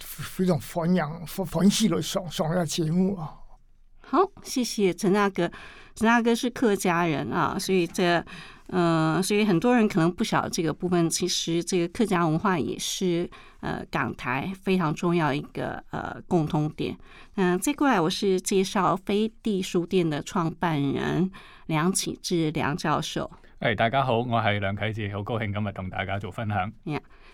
非常歡迎、歡喜嚟上上個節目啊！好，謝謝陳大哥。陳大哥是客家人啊，所以這，嗯、呃，所以很多人可能不曉得這個部分。其實，這個客家文化也是，呃，港台非常重要一個，呃，共通點。嗯、呃，再過來，我是介紹飛地書店的創辦人梁啟智梁教授。誒、hey，大家好，我係梁啟智，好高興今日同大家做分享。Yeah.